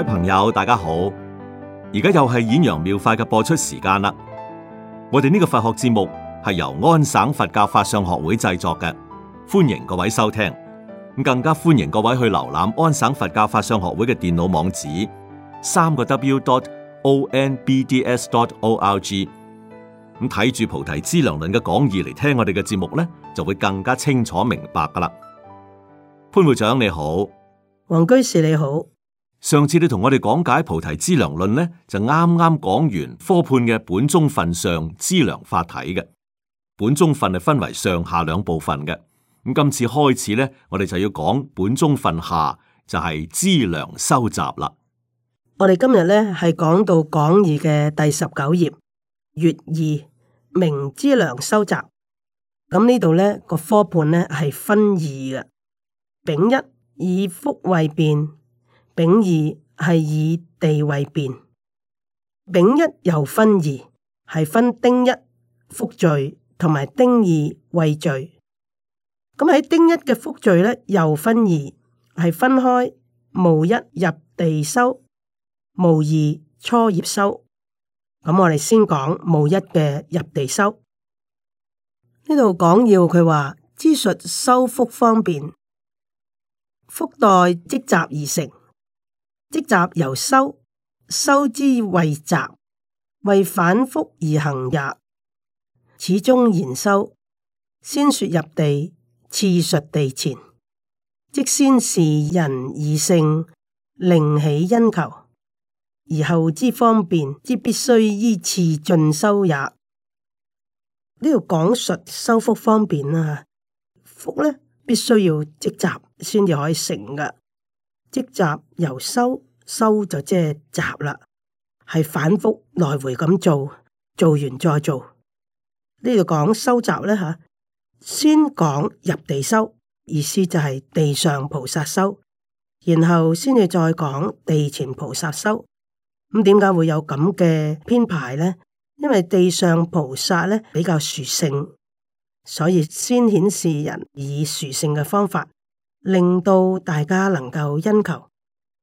各位朋友，大家好！而家又係《演揚妙,妙法》嘅播出時間啦。我哋呢個佛學節目係由安省佛教法相學會製作嘅，歡迎各位收聽。咁更加歡迎各位去瀏覽安省佛教法相學會嘅電腦網址：三個 w.dot.o.n.b.d.s.dot.o.r.g。咁睇住《菩提資糧論》嘅講義嚟聽我哋嘅節目咧，就會更加清楚明白噶啦。潘會長你好，王居士你好。上次你同我哋講解菩提資糧論咧，就啱啱講完科判嘅本宗份上資糧法體嘅本宗份係分為上下兩部分嘅。咁今次開始咧，我哋就要講本宗份下就係、是、資糧收集啦。我哋今日咧係講到講義嘅第十九頁，月二明資糧收集。咁呢度咧個科判咧係分二嘅，丙一以福為變。丙二係以地位變，丙一又分二，係分丁一福序同埋丁二位序。咁喺丁一嘅福序呢，又分二，係分開無一入地收，無二初葉收。咁我哋先講無一嘅入地收。呢度講，要佢話資術修福方便，福代積集而成。積集由收，收之為集，為反復而行也。始終言收，先說入地，次述地前，即先是人而勝，另起因求，而後之方便，即必須依次進修也。呢度講述收福方便啦，福呢，必須要積集先至可以成噶。積集由修，修就即係集啦，係反覆來回咁做，做完再做。呢度講修集咧，吓，先講入地修，意思就係地上菩薩修，然後先至再講地前菩薩修。咁點解會有咁嘅編排咧？因為地上菩薩咧比較殊勝，所以先顯示人以殊勝嘅方法。令到大家能夠因求，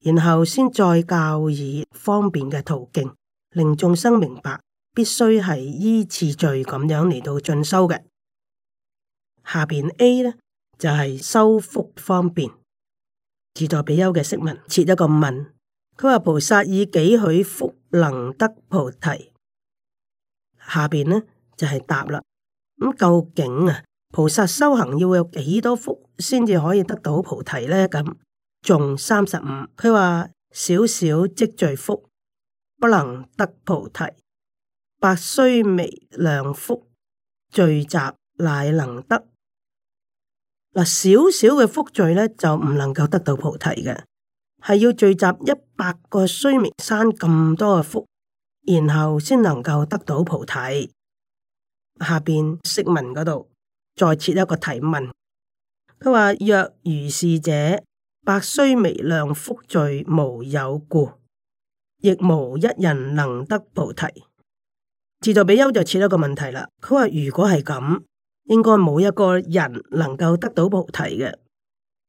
然後先再教以方便嘅途徑，令眾生明白必須係依次序咁樣嚟到進修嘅。下邊 A 呢就係、是、修福方便，自在比丘嘅釋文，設一個問，佢話菩薩以幾許福能得菩提？下邊呢就係、是、答啦，咁、嗯、究竟啊，菩薩修行要有幾多福？先至可以得到菩提呢？咁仲三十五。佢話少少積聚福不能得菩提，百須彌量福聚集乃能得。嗱，少少嘅福聚咧就唔能夠得到菩提嘅，係要聚集一百個須彌山咁多嘅福，然後先能夠得到菩提。下邊釋文嗰度再設一個提問。佢話，若如是者，百須彌量福罪無有故，亦無一人能得菩提。自在比丘就設一個問題啦。佢話，如果係咁，應該冇一個人能夠得到菩提嘅，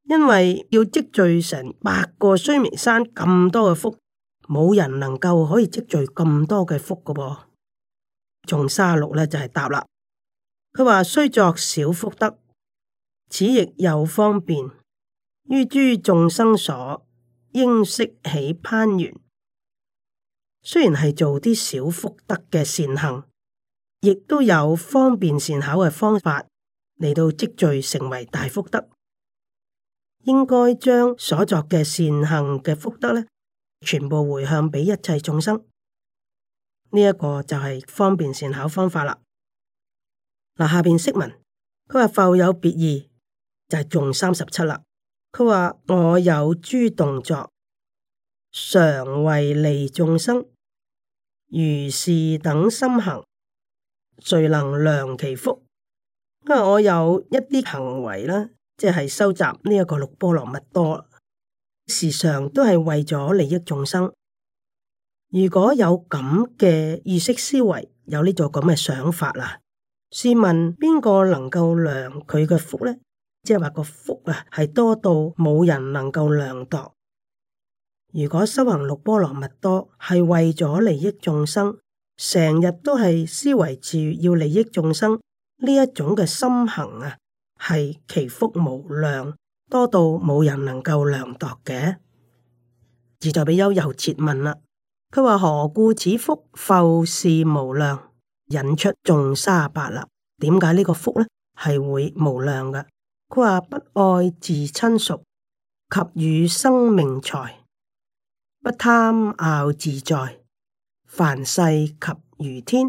因為要積聚成百個須彌山咁多嘅福，冇人能夠可以積聚咁多嘅福噶噃。從三十六咧就係答啦。佢話，雖作少福德。此亦又方便於諸眾生所應息起攀緣。雖然係做啲小福德嘅善行，亦都有方便善巧嘅方法嚟到積聚成為大福德。應該將所作嘅善行嘅福德呢，全部回向畀一切眾生。呢、這、一個就係方便善巧方法啦。嗱，下邊釋文佢話：浮有別意。就係仲三十七啦。佢話，我有諸動作，常為利眾生，如是等心行，誰能量其福？因為我有一啲行為呢，即係收集呢一個六波羅蜜多，時常都係為咗利益眾生。如果有咁嘅意識思維，有呢種咁嘅想法啦，試問邊個能夠量佢嘅福呢？即係話個福啊，係多到冇人能夠量度。如果修行六波羅蜜多，係為咗利益眾生，成日都係思維住要利益眾生呢一種嘅心行啊，係其福無量，多到冇人能夠量度嘅。自在比丘又切問啦，佢話何故此福浮世無量，引出眾沙百粒？點解呢個福咧係會無量噶？佢話，不愛自親屬及與生命財，不貪傲自在，凡世及如天。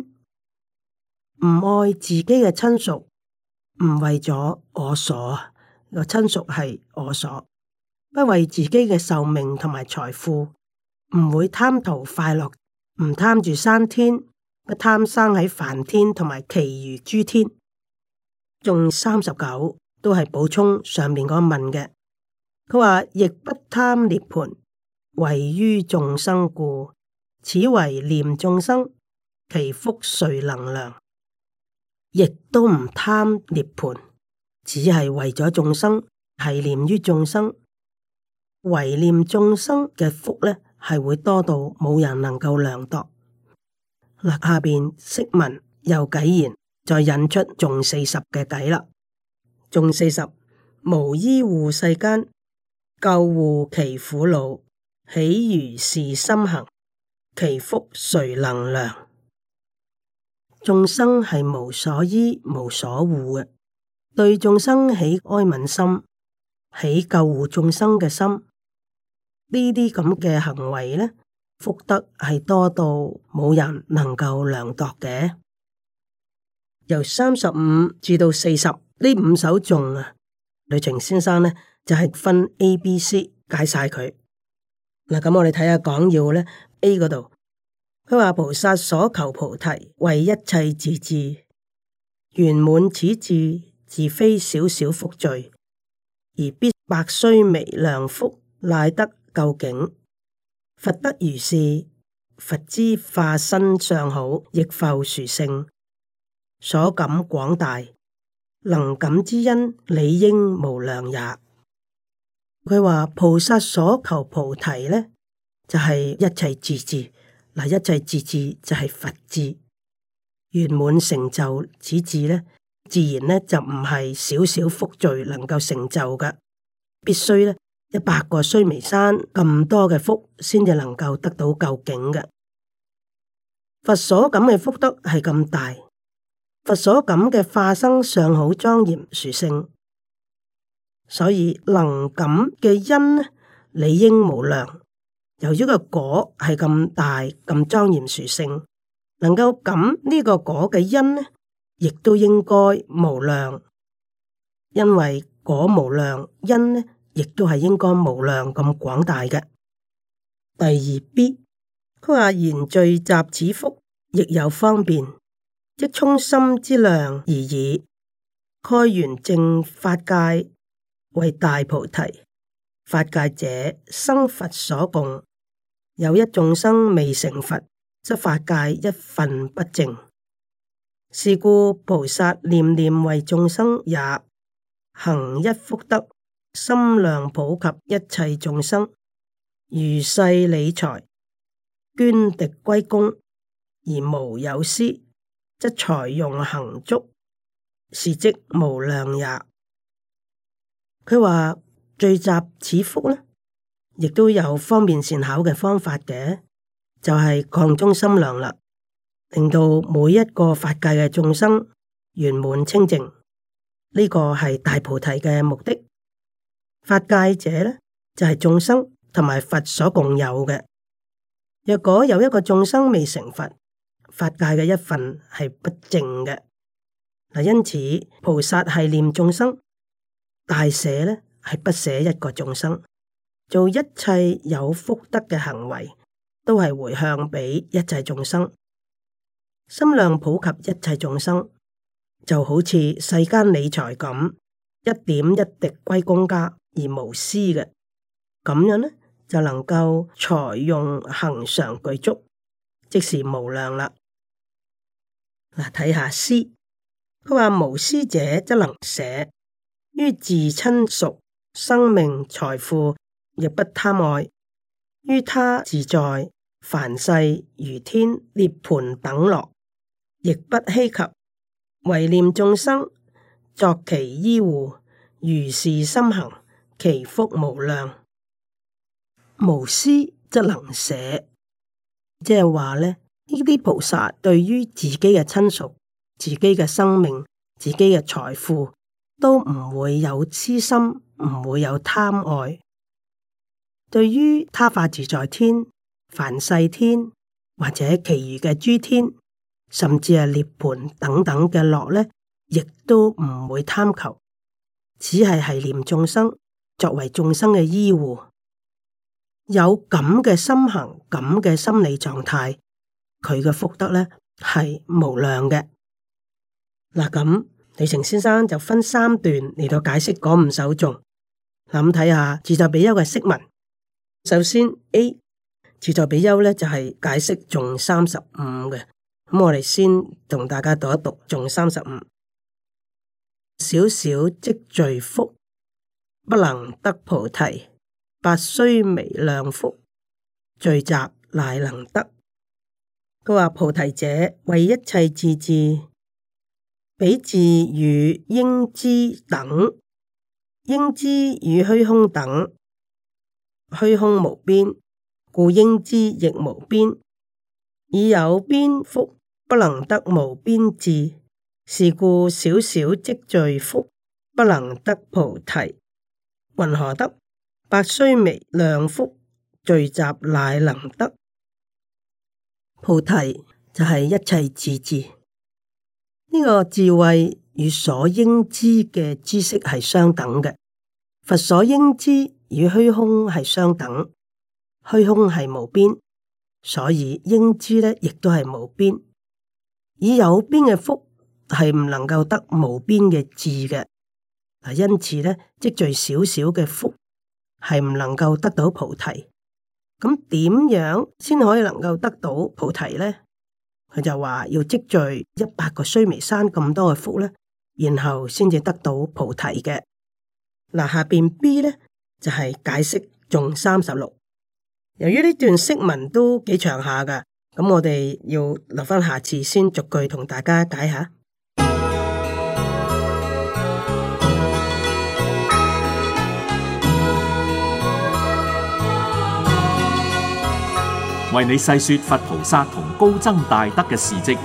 唔愛自己嘅親屬，唔為咗我所個親屬係我所，不為自己嘅壽命同埋財富，唔會貪圖快樂，唔貪住三天，不貪生喺梵天同埋其餘諸天，用三十九。都係補充上面嗰問嘅，佢話亦不貪涅槃，為於眾生故，此為念眾生，其福誰能量？亦都唔貪涅槃，只係為咗眾生，係念於眾生，為念眾生嘅福呢，係會多到冇人能夠量度。嗱，下邊釋文又偈言，再引出仲四十嘅偈啦。仲四十，無依護世間，救護其苦惱，喜如是心行？其福誰能量？眾生係無所依、無所護嘅，對眾生起哀憫心，起救護眾生嘅心，呢啲咁嘅行為呢，福德係多到冇人能夠量度嘅。由三十五至到四十。呢五首頌啊，呂澂先生呢就係、是、分 A、B、C 解晒佢。嗱，咁我哋睇下講要呢 A 嗰度，佢話菩薩所求菩提為一切自治，圓滿此住，自非少少福罪，而必百須彌量福賴得究竟。佛得如是，佛之化身相好，亦復殊勝，所感廣大。能感之恩理應無量也。佢話：菩薩所求菩提呢，就係、是、一切智智；嗱，一切智智就係佛智，圓滿成就此智呢，自然呢就唔係少少福罪能夠成就嘅，必須呢，一百個須彌山咁多嘅福先至能夠得到究竟嘅佛所感嘅福德係咁大。佛所感嘅化身尚好莊嚴殊勝，所以能感嘅因理應無量。由於個果係咁大咁莊嚴殊勝，能夠感呢個果嘅因亦都應該無量。因為果無量，因亦都係應該無量咁廣大嘅。第二 B，佢話言聚集此福，亦有方便。即充心之量而已。開圓正法界為大菩提。法界者生佛所共。有一眾生未成佛，則法界一分不淨。是故菩薩念念為眾生也行一福德，心量普及一切眾生。如世理財，捐敵歸公，而無有私。則財用恆足，是即無量也。佢話聚集此福呢，亦都有方便善巧嘅方法嘅，就係、是、擴中心量啦，令到每一個法界嘅眾生圓滿清淨。呢、這個係大菩提嘅目的。法界者呢，就係、是、眾生同埋佛所共有嘅。若果有一個眾生未成佛。法界嘅一份係不正嘅。因此菩薩繫念眾生，大捨呢係不捨一個眾生。做一切有福德嘅行為，都係回向畀一切眾生。心量普及一切眾生，就好似世間理財咁，一點一滴歸公家而無私嘅咁樣呢，就能夠財用恆常具足，即是無量啦。睇下詩，佢話無私者則能捨於自親屬、生命、財富，亦不貪愛；於他自在，凡世如天涅盤等樂，亦不希及。唯念眾生作其依護，如是心行，其福無量。無私則能捨，即係話咧。呢啲菩薩對於自己嘅親屬、自己嘅生命、自己嘅財富，都唔會有痴心，唔會有貪愛。對於他化自在天、凡世天或者其餘嘅諸天，甚至係涅槃等等嘅樂呢，亦都唔會貪求，只係係念眾生，作為眾生嘅醫護，有咁嘅心行，咁嘅心理狀態。佢嘅福德咧係無量嘅，嗱咁呂澂先生就分三段嚟到解釋嗰五首頌，咁睇下自在比丘嘅釋文。首先 A 自在比丘咧就係解釋頌三十五嘅，咁我哋先同大家讀一讀頌三十五，少少積聚福，不能得菩提，百須彌量福，聚集乃能得。佢話菩提者為一切智智，彼智與應知等，應知與虛空等，虛空無邊，故應知亦無邊。以有邊福不能得無邊智，是故小小積聚福不能得菩提。云何得？百須彌量福聚集，乃能得。菩提就係一切智智。呢、這個智慧與所應知嘅知識係相等嘅。佛所應知與虛空係相等，虛空係無邊，所以應知咧亦都係無邊。以有邊嘅福係唔能夠得無邊嘅智嘅，啊，因此咧積聚少少嘅福係唔能夠得到菩提。咁點樣先可以能夠得到菩提呢？佢就話要積聚一百個須彌山咁多嘅福呢，然後先至得到菩提嘅。嗱，下邊 B 呢就係、是、解釋仲三十六。由於呢段釋文都幾長下㗎，咁我哋要留返下次先逐句同大家解下。為你細說佛菩薩同高僧大德嘅事跡，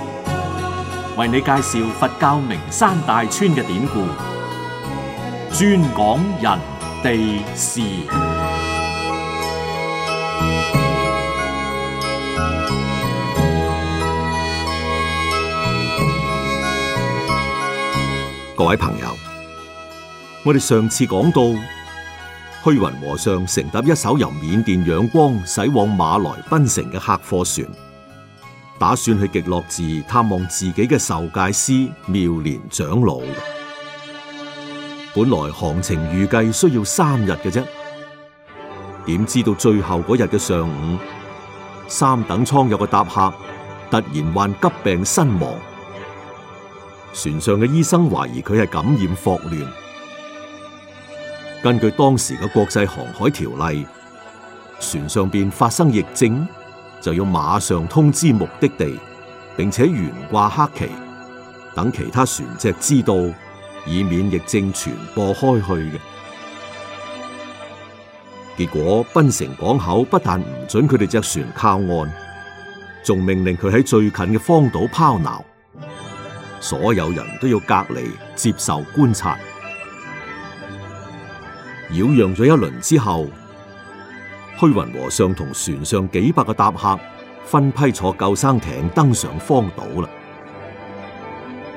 為你介紹佛教名山大川嘅典故，專講人哋事。各位朋友，我哋上次講到。虛雲和尚乘搭一艘由緬甸仰光駛往馬來檳城嘅客貨船，打算去極樂寺探望自己嘅受戒師妙蓮長老。本來行程預計需要三日嘅啫，點知到最後嗰日嘅上午，三等艙有個搭客突然患急病身亡，船上嘅醫生懷疑佢係感染霍亂。根據當時嘅國際航海條例，船上邊發生疫症，就要馬上通知目的地，並且懸掛黑旗，等其他船隻知道，以免疫症傳播開去嘅。結果，檳城港口不但唔准佢哋隻船靠岸，仲命令佢喺最近嘅荒島拋錨，所有人都要隔離接受觀察。擾攘咗一輪之後，虛雲和尚同船上幾百個搭客分批坐救生艇登上荒島啦。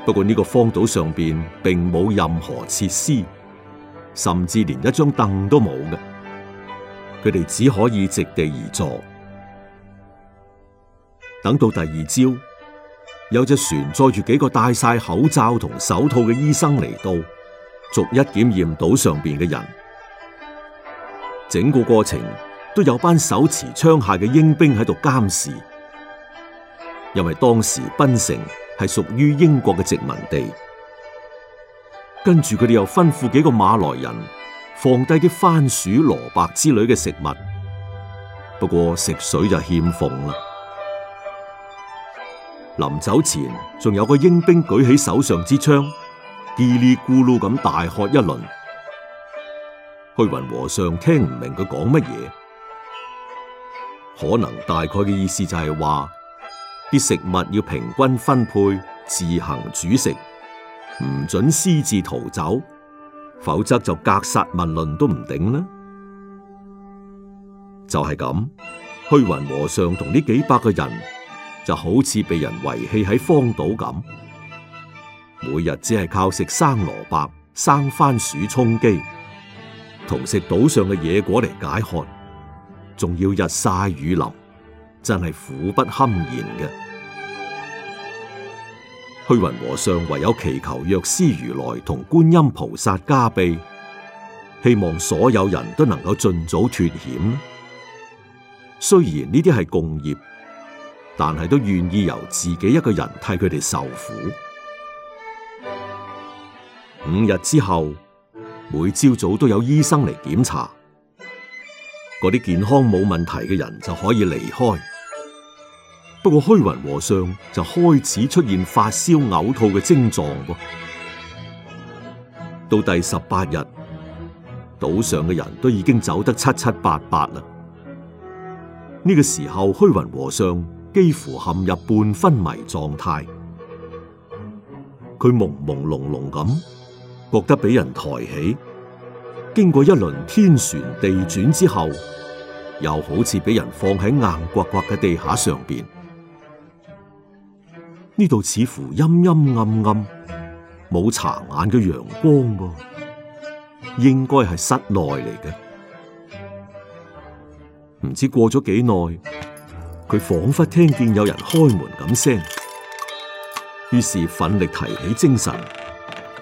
不過呢個荒島上邊並冇任何設施，甚至連一張凳都冇嘅，佢哋只可以席地而坐。等到第二朝，有隻船載住幾個戴晒口罩同手套嘅醫生嚟到，逐一檢驗島上邊嘅人。整個過程都有班手持槍械嘅英兵喺度監視，因為當時檳城係屬於英國嘅殖民地。跟住佢哋又吩咐幾個馬來人放低啲番薯、蘿蔔、蘿蔔之類嘅食物，不過食水就欠奉啦。臨走前，仲有個英兵舉起手上支槍，嘰哩咕嚕咁大喝一輪。虛雲和尚聽唔明佢講乜嘢，可能大概嘅意思就係話啲食物要平均分配，自行煮食，唔准私自逃走，否則就格殺勿論都唔頂啦。就係、是、咁，虛雲和尚同呢幾百個人就好似被人遺棄喺荒島咁，每日只係靠食生蘿蔔、生番薯充飢，同食島上嘅野果嚟解渴，仲要日晒雨淋，真係苦不堪言嘅。虛雲和尚唯有祈求藥師如來同觀音菩薩加庇，希望所有人都能夠盡早脱險。雖然呢啲係共業，但係都願意由自己一個人替佢哋受苦。五日之後。每朝早都有醫生嚟檢查，嗰啲健康冇問題嘅人就可以離開。不過虛雲和尚就開始出現發燒、嘔吐嘅症狀喎。到第十八日，島上嘅人都已經走得七七八八啦。呢個時候，虛雲和尚幾乎陷入半昏迷狀態，佢朦朦朧朧咁。覺得俾人抬起，經過一輪天旋地轉之後，又好似俾人放喺硬刮刮嘅地下上邊。呢度似乎陰陰暗暗，冇茶眼嘅陽光噃、啊，應該係室內嚟嘅。唔知過咗幾耐，佢仿佛聽見有人開門咁聲，於是奮力提起精神。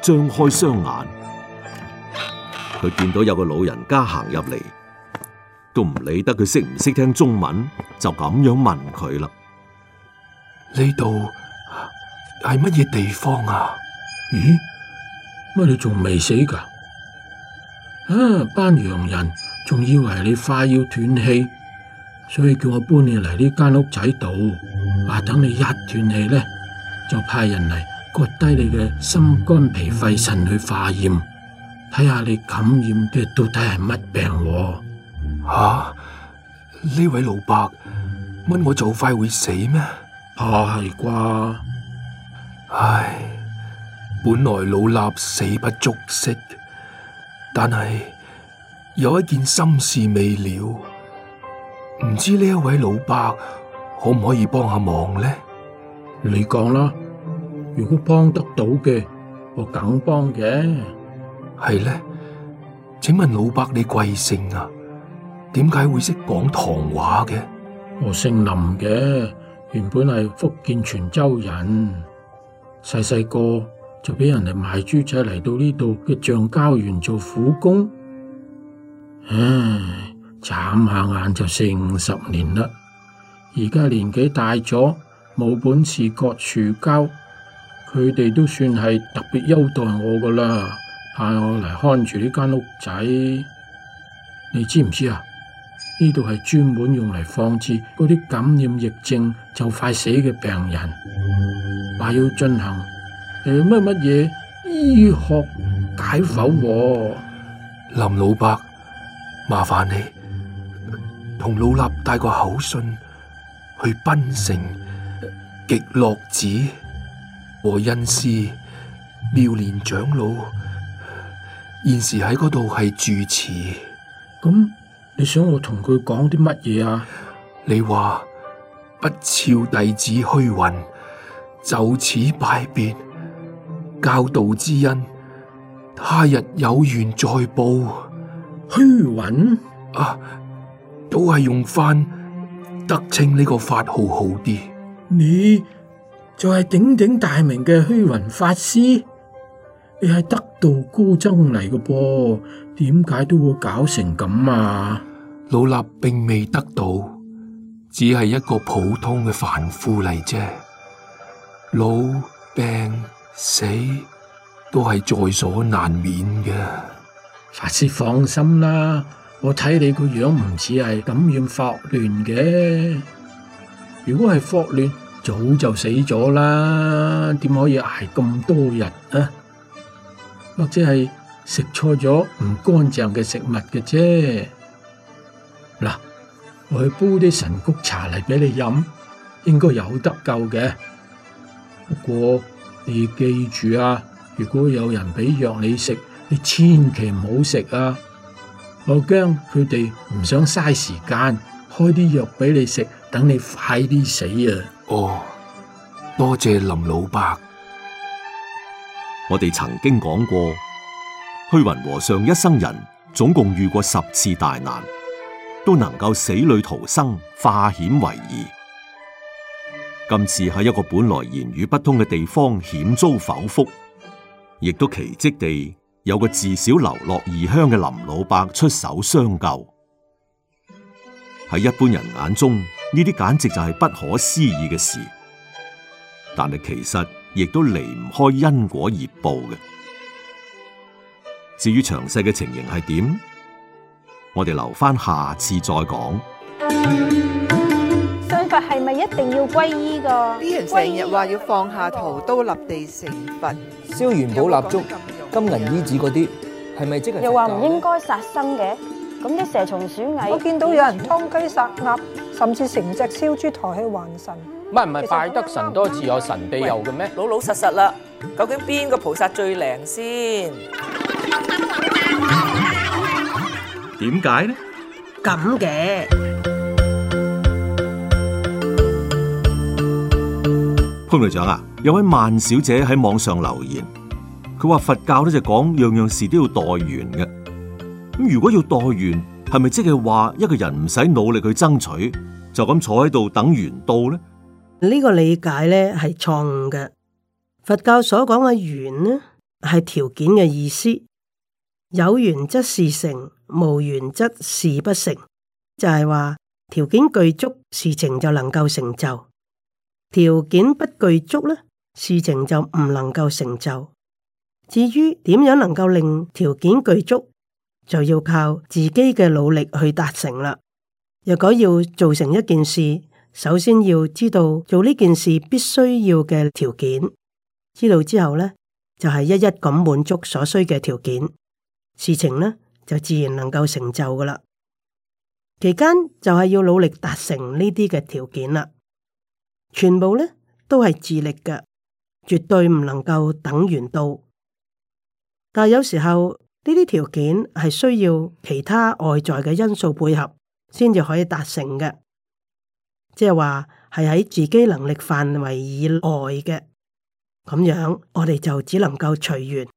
張開雙眼，佢見到有個老人家行入嚟，都唔理得佢識唔識聽中文，就咁樣問佢啦。呢度係乜嘢地方啊？咦，乜你仲未死噶？啊，班洋人仲以為你快要斷氣，所以叫我搬你嚟呢間屋仔度，話、啊、等你一斷氣咧就派人嚟。割低你嘅心肝脾肺腎去化驗，睇下你感染嘅到底係乜病？吓，啊，呢位老伯，乜我就快會死咩？怕係啩？吧，唉，本來老衲死不足惜，但係有一件心事未了，唔知呢一位老伯可唔可以幫下忙咧？你講啦。如果幫得到嘅，我梗幫嘅。係呢？請問老伯你貴姓啊？點解會識講唐話嘅？我姓林嘅，原本係福建泉州人，細細個就俾人哋賣豬仔嚟到呢度嘅橡膠園做苦工。唉，眨下眼就四五十年啦。而家年紀大咗，冇本事割樹膠。佢哋都算係特別優待我噶啦，派我嚟，看住呢間屋仔。你知唔知啊？呢度係專門用嚟放置嗰啲感染疫症就快死嘅病人，話要進行誒乜乜嘢醫學解剖喎，嗯。林老伯，麻煩你同老衲帶個口信去檳城極樂寺。和恩師妙蓮長老現時喺嗰度係住持，咁、嗯、你想我同佢講啲乜嘢啊？你話，不肖弟子虛雲就此拜別，教導之恩，他日有緣再報。虛雲啊，都係用翻德清呢個法號好啲。你。就係鼎鼎大名嘅虛雲法師，你係得道高僧嚟嘅噃，點解都會搞成咁啊？老衲並未得道，只係一個普通嘅凡夫嚟啫。老病死都係在所難免嘅。法師放心啦，我睇你個樣唔似係感染霍亂嘅。如果係霍亂，早就死咗啦，點可以挨咁多日啊？或者係食錯咗唔乾淨嘅食物嘅啫。嗱，我去煲啲神谷茶嚟俾你飲，應該有得救嘅。不過你記住啊，如果有人俾藥你食，你千祈唔好食啊！我驚佢哋唔想嘥時間開啲藥俾你食，等你快啲死啊！哦，oh，多謝林老伯。 我哋曾經講過，虛雲和尚一生人總共遇過十次大難，都能夠死裏逃生，化險為夷。今次喺一個本來言語不通嘅地方險遭剖腹，亦都奇蹟地有個自小流落異鄉嘅林老伯出手相救。喺一般人眼中，呢啲簡直就係不可思議嘅事，但係其實亦都離唔開因果業報嘅。至於詳細嘅情形係點，我哋留翻下，下次再講。信佛係咪一定要皈依噶？啲人成日話要放下屠刀立地成佛，燒元寶蠟燭、金銀衣紙嗰啲，係咪、嗯、即係？又話唔應該殺生嘅，咁啲蛇蟲鼠蟻，我見到有人劏雞殺鴨。嗯甚至成隻燒豬抬去還神，唔係唔係拜得神多自有神庇佑嘅咩？老老實實啦，究竟邊個菩薩最靈先？點解呢？咁嘅潘隊長啊，有位萬小姐喺網上留言，佢話佛教呢就講樣樣事都要待緣嘅，咁如果要待緣。係咪即係話一個人唔使努力去爭取，就咁坐喺度等緣到呢？呢個理解咧係錯誤嘅。佛教所講嘅緣呢係條件嘅意思，有緣則事成，無緣則事不成。就係話條件具足，事情就能夠成就；條件不具足咧，事情就唔能夠成就。至於點樣能夠令條件具足？就要靠自己嘅努力去達成啦。若果要做成一件事，首先要知道做呢件事必須要嘅條件，知道之後咧，就係、是、一一咁滿足所需嘅條件，事情咧就自然能夠成就噶啦。期間就係要努力達成呢啲嘅條件啦，全部咧都係自力嘅，絕對唔能夠等緣到。但有時候，呢啲條件係需要其他外在嘅因素配合先至可以達成嘅，即係話係喺自己能力範圍以外嘅。咁樣我哋就只能夠隨緣，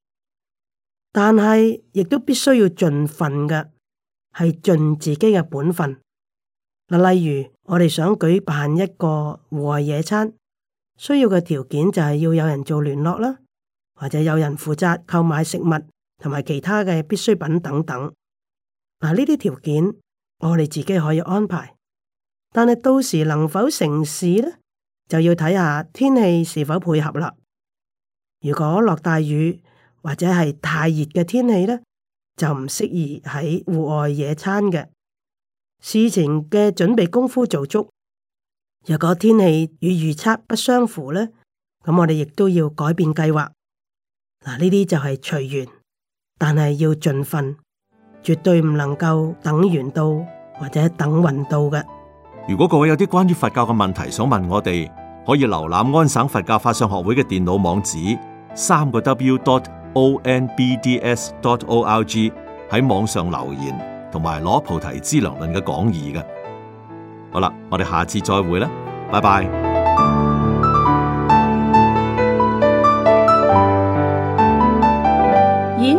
但係亦都必須要盡份嘅，係盡自己嘅本分。嗱，例如我哋想舉辦一個戶外野餐，需要嘅條件就係要有人做聯絡啦，或者有人負責購買食物。同埋其他嘅必需品等等，嗱，呢啲條件我哋自己可以安排，但係到時能否成事咧，就要睇下天氣是否配合啦。如果落大雨或者係太熱嘅天氣咧，就唔適宜喺戶外野餐嘅。事情嘅準備功夫做足，若果天氣與預測不相符咧，咁我哋亦都要改變計劃。嗱，呢啲就係隨緣。但係要盡份，絕對唔能夠等緣到或者等運到嘅。如果各位有啲關於佛教嘅問題，想問我哋，可以瀏覽安省佛教法相學會嘅電腦網址，三個 W dot O N B D S dot O R G 喺網上留言，同埋攞菩提資糧論嘅講義嘅。好啦，我哋下次再會啦，拜拜。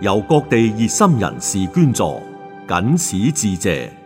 由各地熱心人士捐助，謹此致謝。